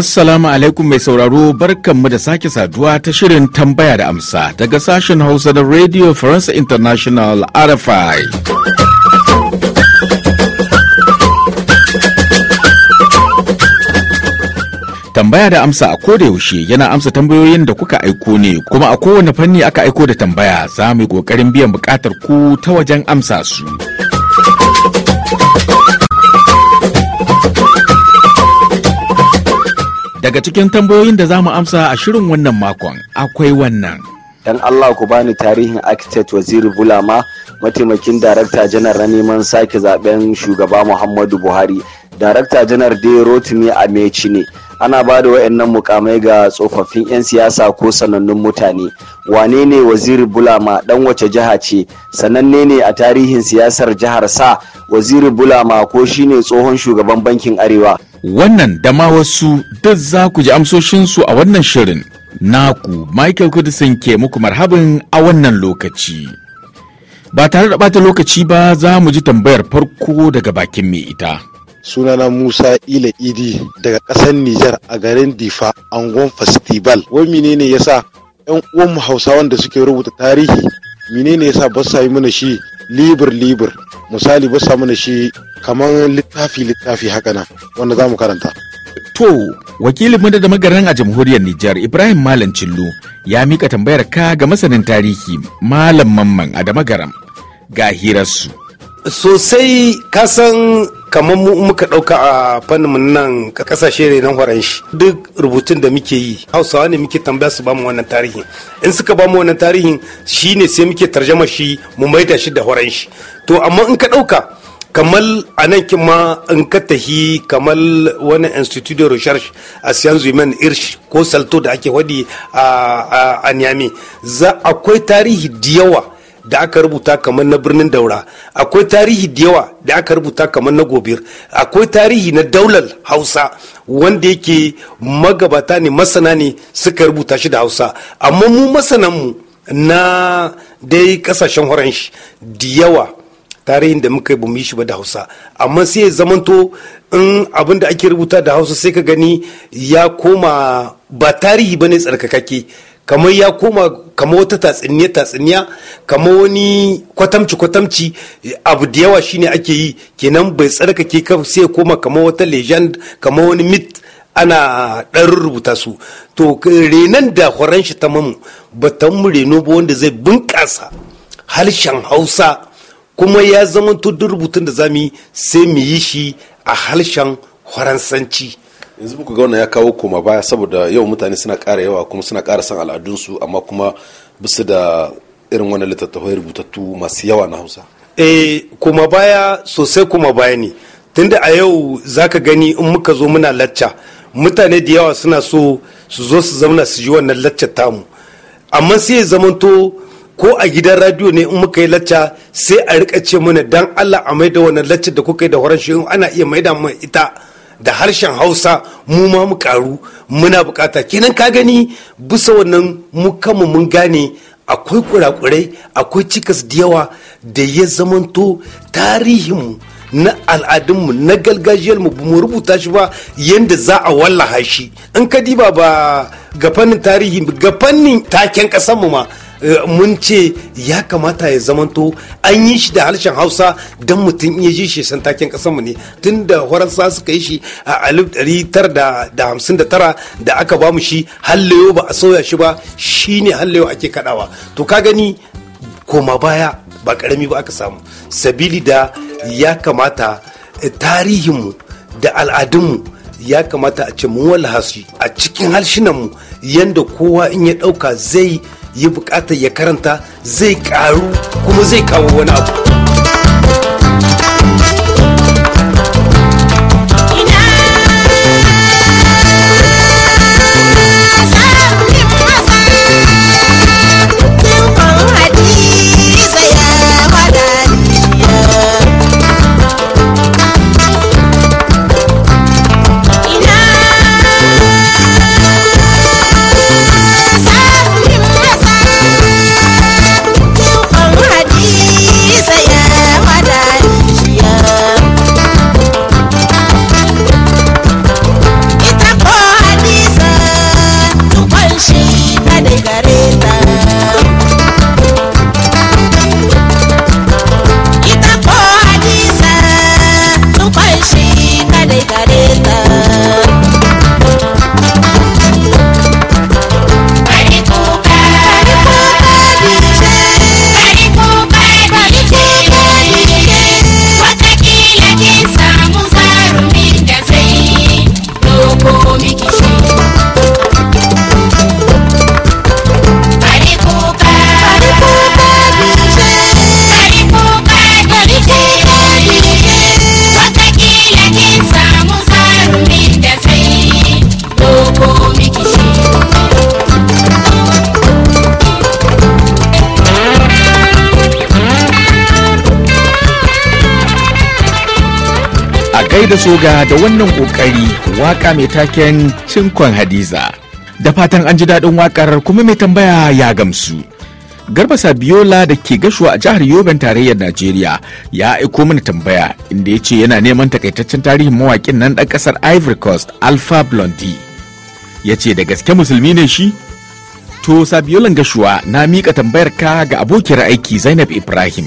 Assalamu alaikum mai sauraro barkanmu da sake saduwa ta shirin tambaya da amsa daga sashen Hausa na Radio France International RFI. Tambaya da amsa a koda yaushe yana amsa tambayoyin da kuka aiko ne kuma a kowane fanni aka aiko da tambaya za mu yi ƙoƙarin biyan bukatar ku ta wajen amsa su. Daga cikin tambayoyin da za mu amsa a shirin wannan makon akwai wannan. Dan Allah ku bani tarihin architect Waziri Bulama mataimakin darakta janar na neman sake zaben shugaba Muhammadu Buhari. Darakta janar dai Rotimi meci ne. Ana ba da wa'annan mukamai ga tsofaffin 'yan siyasa ko sanannun mutane. Wane ne Waziri Bulama dan wace jiha ce? Sananne ne a tarihin siyasar jihar sa Waziri Bulama ko shine tsohon shugaban bankin Arewa. Wannan da ma wasu duk za ku ji amsoshinsu a wannan shirin. Naku Michael Kudisin ke muku marhabin a wannan lokaci. Ba tare da bata lokaci ba za mu ji tambayar farko daga bakin mai ita. sunana musa ila idi daga ƙasar nijar a garin difa angon festival wai menene ya sa yan uwanmu hausawan da suke rubuta tarihi menene yasa ba su sami mana shi libir libir misali ba sami mana shi kamar littafi littafi haka nan wanda za mu karanta To, wakilin da magaran a jamhuriyar Nijar Ibrahim Malam Cillu ya mika tambayar ka ga masanin tarihi Malam Mamman a magaram ga hirarsu. Sosai kasan kamar mu muka ɗauka a fannin nan kasashe ne nan horon duk rubutun da muke yi hausawa ne muke tambaya su bamu wannan tarihin in suka bamu wannan tarihin shi ne sai muke tarjama shi mu maida shi da horon to amma in ka ɗauka kamar a nan ma in ka tahi kamar wani institut de recherche a sciences humaines irsh ko salto da ake wadi a niyami za akwai tarihi da yawa da aka rubuta kamar na birnin daura akwai tarihi da yawa da aka rubuta kamar na gobir akwai tarihi na daular hausa wanda yake magabata ne masana ne suka rubuta shi da hausa amma mu masananmu na dai kasashen horon shi da yawa tarihin da muka yi bamu yi shi ba da hausa amma sai ya zamanto in abin da ake rubuta da hausa sai ka gani ya koma ba tarihi ba tsarkakake kamar ya koma kamar wata tatsiniya tatsiniya kamar wani kwatamci kwatamci abu da yawa shine ake yi kenan bai tsarkake ka sai koma kamar wata legend kamar wani myth ana ɗan rubuta su to renan da horon shi ta mamu ba ta mu reno ba wanda zai bunƙasa harshen hausa kuma ya zama duk rubutun da zami sai mu yi shi a harshen faransanci yanzu muku ga wannan ya kawo koma baya saboda yau mutane suna kara yawa kuma suna ƙara san al'adunsu amma kuma bisa da irin wannan littattafai rubutattu masu yawa na hausa eh koma baya sosai koma baya ne tunda a yau zaka gani in muka zo muna lacca mutane da yawa suna so su zo su zauna su ji wannan lacca tamu amma sai ya zamanto ko a gidan radio ne in muka yi lacca sai a rika ce mana dan Allah a maida wannan laccar da kuka yi da horon shi ana iya maida mana ita da harshen Hausa mu ma mu karu muna bukata kenan ka gani bisa wannan mu kama mun gane akwai kurakurai akwai cikas da yawa da ya zamanto tarihinmu na al'adunmu na gargajiyarmu ba mu rubuta shi ba yadda za a wallaha shi in ka diba ba ga fannin tarihi ga fannin taken mu ma Eh, mun ce ya kamata ya zamanto an yi shi da harshen hausa don mutum iya ji shi san takin mu ne tun da faransa suka yi shi a alif dari tara da hamsin da tara da aka ba mu shi hallayo ba a sauya shi ba shi ne hallayo ake kaɗawa to ka gani koma baya ba karami ba aka samu sabili da ya kamata eh, tarihinmu da al'adunmu ya kamata a ce mun wallaha a cikin harshenmu yadda kowa in ya ɗauka zai ya bukatar ya karanta zai karu kuma zai kawo wani abu kai da soga da wannan kokari waka mai taken cinkon hadiza da fatan an ji daɗin wakar kuma mai tambaya ya gamsu garba sabiola da ke gashuwa a jihar yoben tarayyar najeriya ya aiko mana tambaya inda ya ce yana neman takaitaccen tarihin mawaƙin nan ɗan ƙasar ivory coast alpha blondie ya ce da gaske musulmi ne shi to sabiolan gashuwa na miƙa tambayar ka ga abokiyar aiki zainab ibrahim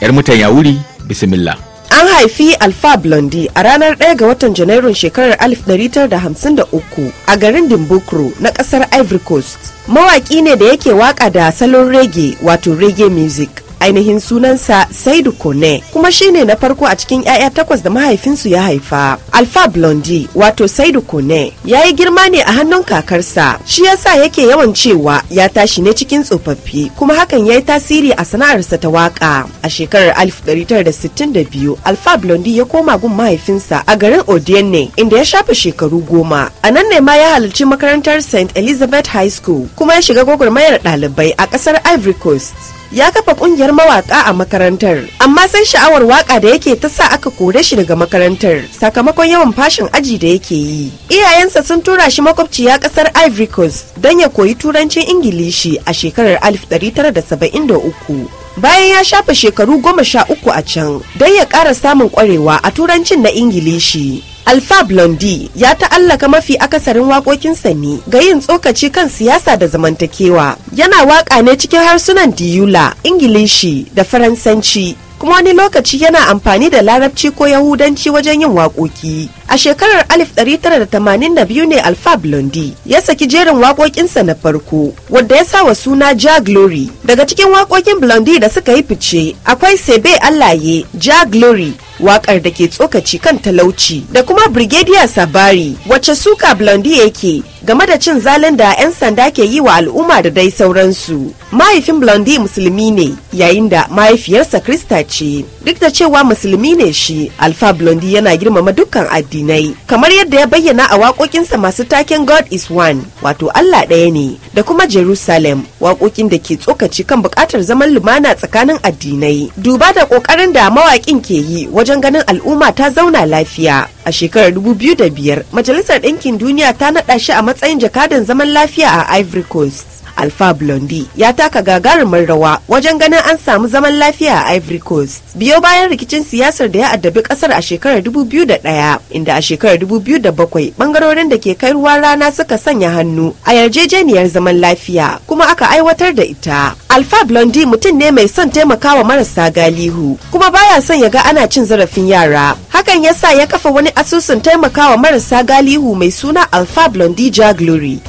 'yar mutan ya wuri bismillah An haifi Alfa Blondi a ranar 1 ga watan Janairun shekarar 1953 a garin Dimbukro na kasar Ivory Coast. Mawaki ne da yake waka da salon rege wato reggae music. ainihin sunansa saidu kone kuma shine na farko a cikin 'ya'ya takwas da mahaifinsu ya haifa alfa blondi wato saidu kone ya yi girma ne a hannun kakarsa shi ya sa yake yawan cewa ya tashi ne cikin tsofaffi kuma hakan ya yi tasiri a sana'arsa ta waka a shekarar 1962 alfa blondi ya koma gun mahaifinsa a garin odienne inda ya shafe shekaru goma a nan ne ma ya halarci makarantar st elizabeth high school kuma ya shiga gwagwarmayar ɗalibai a ƙasar ivory coast ya kafa kungiyar mawaka a makarantar amma sai sha'awar waka da yake ta sa aka kore shi daga makarantar sakamakon yawan fashin aji da yake yi iyayensa sun tura shi makwabciya kasar Ivory Coast don ya koyi turancin Ingilishi a shekarar 1973 bayan ya shafa shekaru goma sha uku a can don ya ƙara samun ƙwarewa a turancin na ingilishi Alfa Blondie ya ta'allaka mafi akasarin waƙoƙinsa ne ga yin tsokaci kan siyasa da zamantakewa. Yana waƙa ne cikin harsunan Diyula, Ingilishi da Faransanci, kuma wani lokaci yana amfani da Larabci ko Yahudanci wajen yin waƙoƙi. A shekarar 1982 ne alfa Blondie ya saki jerin waƙoƙinsa na farko, wadda ya sa wa suna Ja Glory. Daga cikin waƙoƙin Blondie da suka yi fice, akwai Sebe Allaye, Ja Glory, waƙar da ke tsokaci kan talauci, da kuma Brigadier Sabari, wacce suka Blondie yake game da cin zalin da 'yan sanda ke yi wa al'umma da dai sauransu. Mahaifin Blondie musulmi ne, yayin da mahaifiyarsa Krista ce. duk da cewa musulmi ne shi alfa blondi yana girmama dukkan addinai kamar yadda ya bayyana a waƙoƙinsa masu taken god is one wato allah ɗaya ne da kuma jerusalem waƙoƙin da ke tsokaci kan buƙatar zaman lumana tsakanin addinai duba da ƙoƙarin da mawaƙin ke yi wajen ganin al'umma ta zauna lafiya a shekarar dubu biyu da biyar, majalisar ɗinkin duniya ta naɗa shi a matsayin jakadan zaman lafiya a ivory coast alfa blondi ya taka gagarumin rawa wajen ganin an samu zaman lafiya a ivory coast biyo bayan rikicin siyasar da ya addabi kasar a shekarar 2001 inda a shekarar 2007 bangarorin da ke kai ruwan rana suka sanya hannu a yarjejeniyar zaman lafiya kuma aka aiwatar da ita alfa blondi mutum ne mai son taimakawa marasa galihu kuma baya son ya ga ana cin zarafin yara hakan ya sa ya kafa wani asusun taimakawa marasa galihu mai suna alfa blondi ja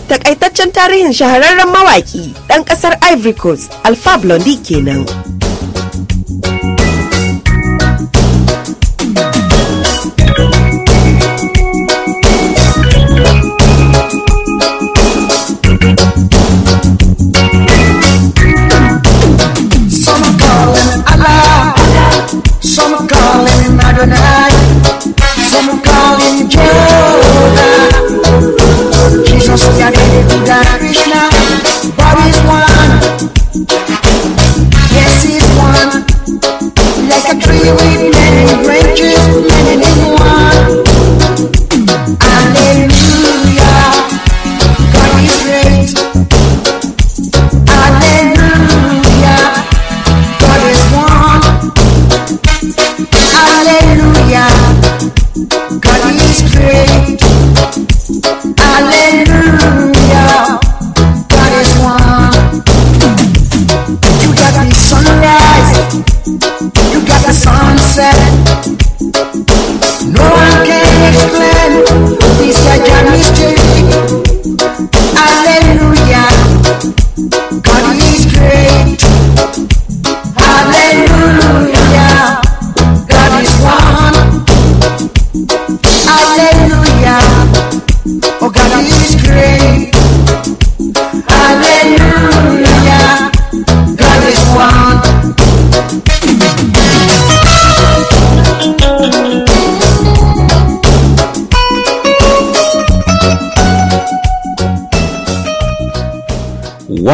takaitaccen tarihin shahararren mawa mawaki ɗan ƙasar Ivory Coast Alpha blondie kenan.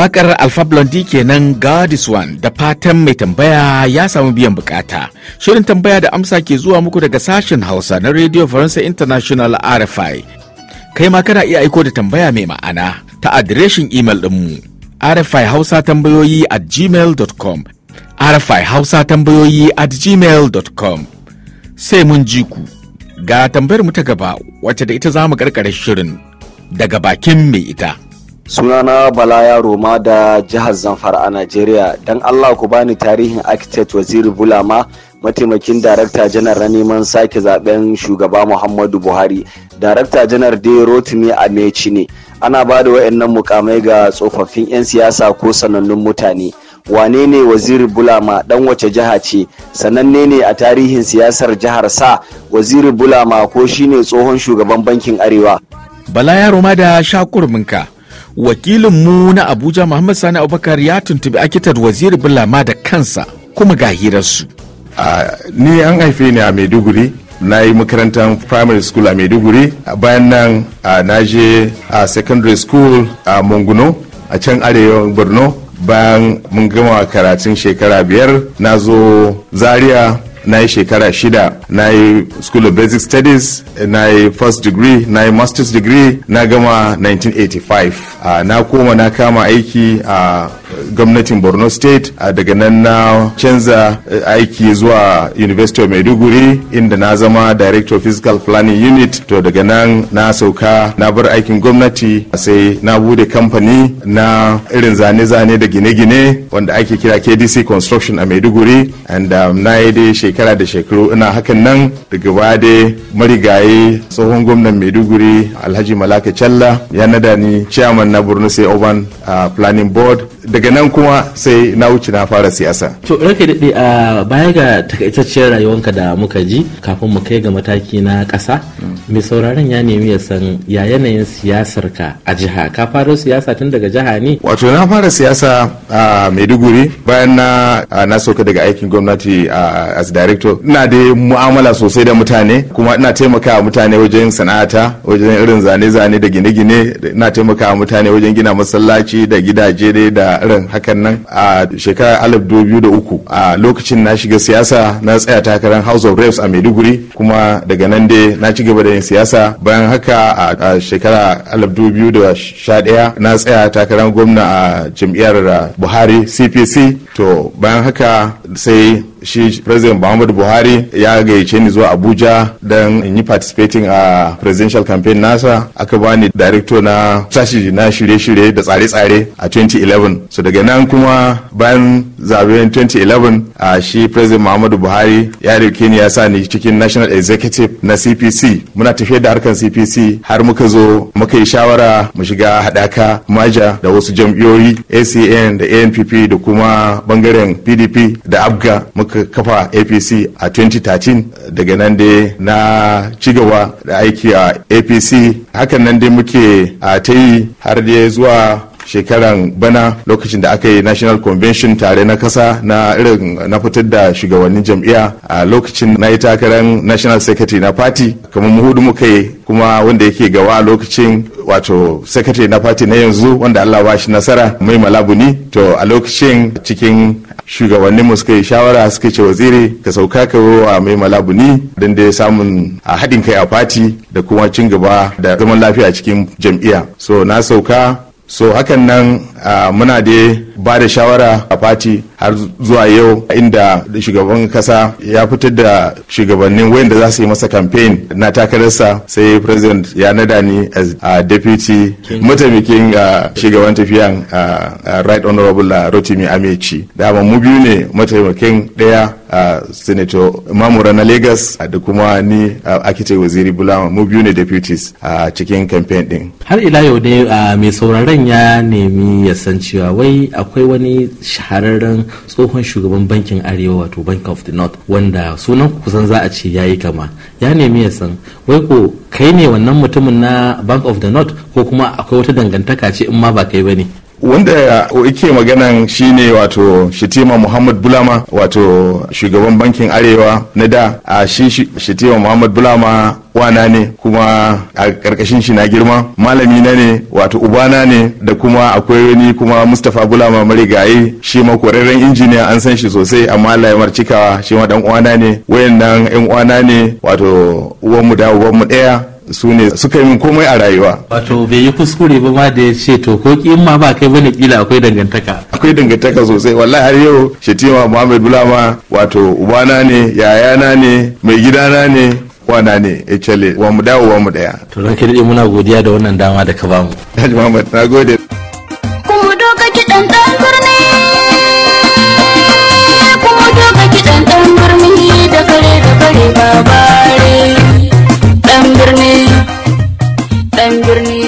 Wakar Alpha Blondie kenan God is One da fatan mai tambaya ya samu biyan bukata. Shirin tambaya da amsa ke zuwa muku daga sashen Hausa na Radio Faransa International RFI. Kai ma kana iya aiko da tambaya mai ma'ana ta adireshin email ɗinmu RFI Hausa tambayoyi at gmail.com RFI Hausa tambayoyi at gmail.com Sai mun ji ku. Ga tambayar mu ta gaba wacce da ita za mu karkare shirin daga bakin mai ita. sunana bala yaro ma da jihar zamfara a najeriya don allah ku bani tarihin architect waziri bulama mataimakin darakta janar na neman sake zaben shugaba muhammadu buhari darakta janar dai rotimi ameci ne ana ba da wa'annan mukamai ga tsofaffin 'yan siyasa ko sanannun mutane wane ne waziri bulama dan wace jiha ce sananne ne a tarihin siyasar jihar sa waziri bulama ko shine tsohon shugaban bankin arewa bala yaro ma da minka wakilin mu na abuja muhammad sani abubakar ya tuntubi akitar waziri bulama da kansa kuma ga hirarsu ni an haife ni a maiduguri na yi makarantar primary school a maiduguri bayan nan na je a secondary school a munguno a can arewa borno bayan mun gama karatun shekara biyar na zo zaria na yi shekara shida na yi school of basic studies na yi first degree na yi master's degree na gama 1985 na koma na kama aiki a gwamnatin borno state daga nan na canza eh, aiki zuwa university of maiduguri inda na zama director physical planning unit to daga nan na sauka na bar aikin gwamnati sai na bude kamfani na irin zane-zane da gine-gine wanda ake kira kdc construction a maiduguri and um, na yi dai shekara da shekaru ina hakan nan daga dai marigaye tsohon gwamnan maiduguri alhaji malaka challa ya nada ni chairman na borno state urban uh, planning board daga nan kuma sai na wuce na fara siyasa to rake daɗe a baya ga takaitacciyar rayuwanka da muka ji kafin mu kai ga mataki na ƙasa mai sauraron ya nemi ya san ya yanayin siyasar ka a jiha ka fara siyasa tun daga jiha ne wato na fara siyasa a maiduguri bayan na na sauka daga aikin gwamnati as director ina da mu'amala sosai da mutane kuma ina taimakawa mutane wajen sana'ata wajen irin zane-zane da gine-gine ina taimakawa mutane wajen gina masallaci da gidaje da da irin hakan nan a shekarar alif da uku a lokacin na shiga siyasa na tsaya takarar house of reps a maiduguri kuma daga nan dai na ci gaba da yin siyasa bayan haka a shekara alif da sha ɗaya na tsaya takarar gwamna a jam'iyyar uh, buhari cpc to bayan haka sai shi president muhammadu buhari ya gayyace ni zuwa abuja don in yi participating a presidential campaign nasa aka bani director na sashi na shirye-shirye da tsare-tsare a 2011 so daga nan kuma bayan zaben 2011 a shi president muhammadu buhari ya dauke ni ya sa ni cikin national executive na cpc muna tafiyar da harkar cpc har muka zo muka yi shawara mu shiga hadaka maja da wasu jam'iyoyi acn da anpp da kuma bangaren pdp da abga muka suka kafa apc a 2013 daga nan dai na cigaba da aiki a apc hakan nan dai muke a ta yi har dai zuwa shekaran bana lokacin da aka yi national convention tare na kasa na irin na fitar da shugabannin jam'iyya a lokacin na yi takarar national secretary na party kamar mu hudu muka yi kuma wanda yake gawa a lokacin wato secretary na party na yanzu wanda Allah ba shi nasara mai malabu to a lokacin cikin shugabanninmu suka yi shawara suka ce waziri ka sauka ka wa mai malabu ni don dai samun a haɗin kai a fati da kuma cin gaba da zaman lafiya cikin jam'iyya so na sauka so hakan nan ah, muna dai ba da shawara a fati har zuwa yau inda shugaban kasa ya fitar da shugabannin wayanda za su yi masa campaign na takararsa sai president ya nada ni as a deputy mataimakin uh, shugaban tafiyan uh, uh, right honorable rotimi amechi dama mu biyu ne mataimakin daya a senator mamura na lagos da kuma ni akite waziri bulama mu biyu ne deputies a cikin campaign din har ila yau dai mai sauraron ya nemi ya san cewa wai a akwai wani shahararren tsohon shugaban bankin arewa wato bank of the north wanda sunan kusan za a ce ya yi kama ya nemi ya san wai ko kai ne wannan mutumin na bank of the north ko kuma akwai wata dangantaka ce in ma ba kai ba ne wanda yake maganan shine wato shitima muhammad bulama wato shugaban bankin arewa na da a shi shitima muhammad bulama wana ne kuma a karkashin shi na girma malami na ne wato ubana ne da kuma akwai wani kuma mustapha gulama marigayi shi ma kwararren injiniya an san shi sosai amma layamar cikawa shi ma dan uwana ne wayannan yan uwana ne wato uwanmu da uwanmu daya su ne suka yi komai a rayuwa. Wato bai yi kuskure ba ma da ya ce to ko ki ma ba kai bane kila akwai dangantaka. Akwai dangantaka sosai wallahi har yau Shetima Muhammad Bulama wato ubana ne yayana ne mai gidana ne wana ne HLA eh, wa mu dawo wa mu daya. To ran ki muna godiya da wannan dama da ka bamu. haji Muhammad na gode. Kuma doka kiɗan ɗan birni. Kuma doka kiɗan ɗan birni da kare da kare babare. Ɗan birni. Ɗan birni.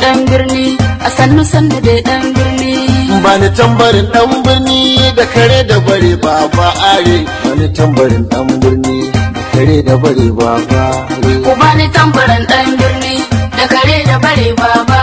Ɗan birni. A sannu sannu da ɗan birni. ni tambarin ɗan birni da kare da bare ba are. tambarin ɗan birni. kare da bare baba ku bani tambaran dan birni da kare da bare baba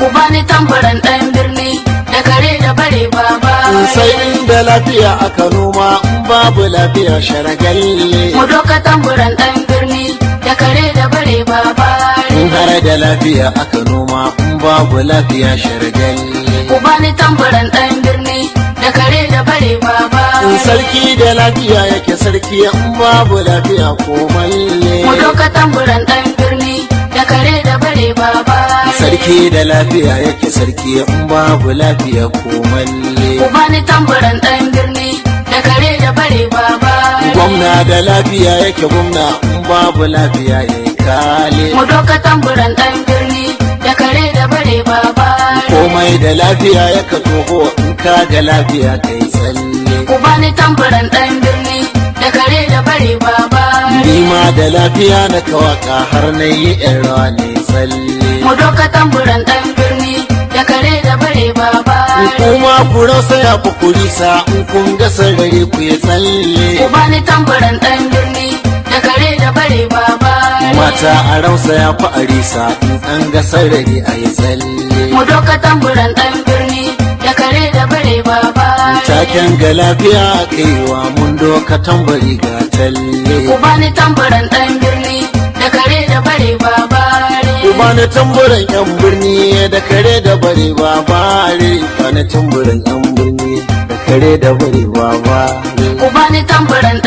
ku bani tambaran dan birni da kare da bare baba sai da lafiya a noma in babu lafiya sharagalle mu doka tambaran dan birni da kare da bare baba in har da lafiya aka noma in babu lafiya sharagalle ku bani tambaran dan birni da kare da bare sarki da lafiya yake sarki in babu lafiya ko ne mu doka tamburan dan birni da kare da bare baba sarki da lafiya yake sarki in babu lafiya ko ne ku bani tamburan dan birni da kare da bare baba gwamna da lafiya yake gwamna in babu lafiya yake kale mu doka tamburan dan birni bare komai da lafiya ya ka toho in ka ga lafiya yi tsalle ku bani tamburan dan birni da kare da bare baba ni ma da lafiya na kawaka har na yi ƴan rawa ne tsalle mu doka tamburan ɗan birni da kare da bare baba kuma ku rasa ya ku kurisa in kun ga sarari ku yi tsalle ku bani tamburan dan birni kare da bare mata a rausa ya fi arisa in an ga sarari a yi tsalle mu doka tamburan dan birni da kare da bare baba taken ga lafiya kaiwa mun doka tambari ga talle ku bani tamburan dan birni da kare da bare Ku bani tamburan yan birni da kare da bare Ku bani tamburan yan birni da kare da bare baba ku bani tamburan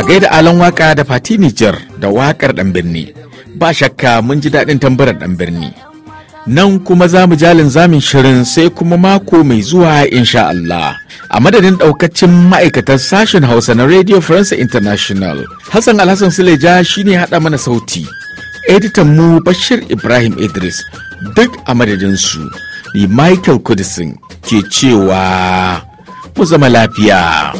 a gaida alan waka da fati Nijar da wakar dan birni ba shakka mun ji daɗin tambarar dan birni nan kuma za mu jalin zamin shirin sai kuma mako mai zuwa insha Allah a madadin ɗaukacin ma'aikatar sashen hausa na radio france international hassan alhassan suleja shine haɗa mana sauti editan mu bashir ibrahim idris duk a su ni michael kudisin ke cewa mu zama lafiya.